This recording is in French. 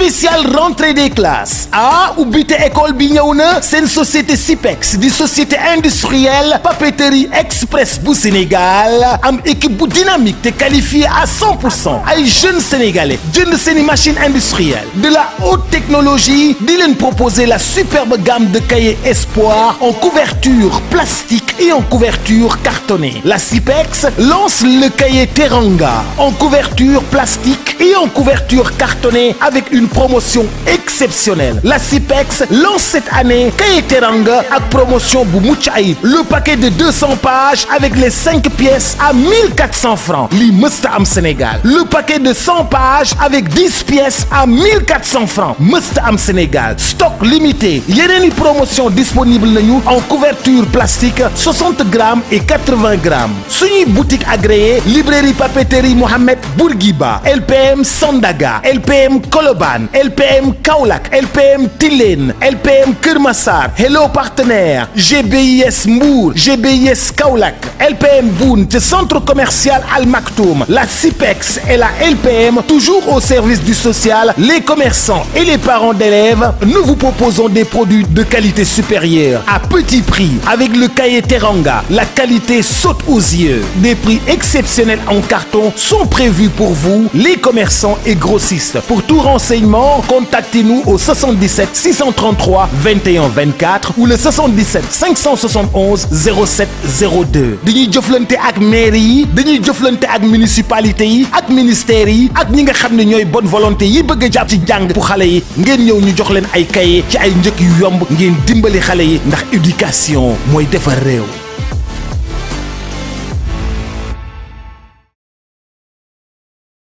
spécial rentrée des classes ah ou école bi ñëw na une société SIPEX une société industrielle papeterie express pour Sénégal am équipe dynamique te qualifié à 100 pour jeunes sénégalais jeunes' seeni machine industrielle de la haute technologie Dylan proposait proposer la superbe gamme de cahiers Espoir en couverture plastique et en couverture cartonnée la SIPEX lance le cahier Teranga en couverture plastique et en couverture cartonnée avec une promotion exceptionnelle la CIPEX lance cette année Kayeteranga à promotion Boumouchaï. le paquet de 200 pages avec les 5 pièces à 1400 francs Le am Sénégal le paquet de 100 pages avec 10 pièces à 1400 francs musta am Sénégal stock limité une promotion disponible en couverture plastique 60 grammes et 80 grammes une boutique agréée librairie papeterie Mohamed Bourguiba LPM Sandaga LPM Koloban. LPM Kaulak LPM Tilen LPM Kurmasar. Hello Partenaires GBIS Mour GBIS Kaulak LPM Boon, centre commercial Al Maktoum la CIPEX et la LPM toujours au service du social les commerçants et les parents d'élèves nous vous proposons des produits de qualité supérieure à petit prix avec le cahier Teranga la qualité saute aux yeux des prix exceptionnels en carton sont prévus pour vous les commerçants et grossistes pour tout renseignement contactez-nous au 77 633 21 24 ou le 77 571 07 02 dañuy jëflante ak mairie yi dañuy avec ak municipalité yi ak ministères yi ak ñi nga xam bonne volonté yi bëgg a ci jang pour xalé yi ngeen ñew ñu jox leen ay cahier ci ay njëkk yu yomb ngeen dimbali xalé yi ndax éducation moy defar réew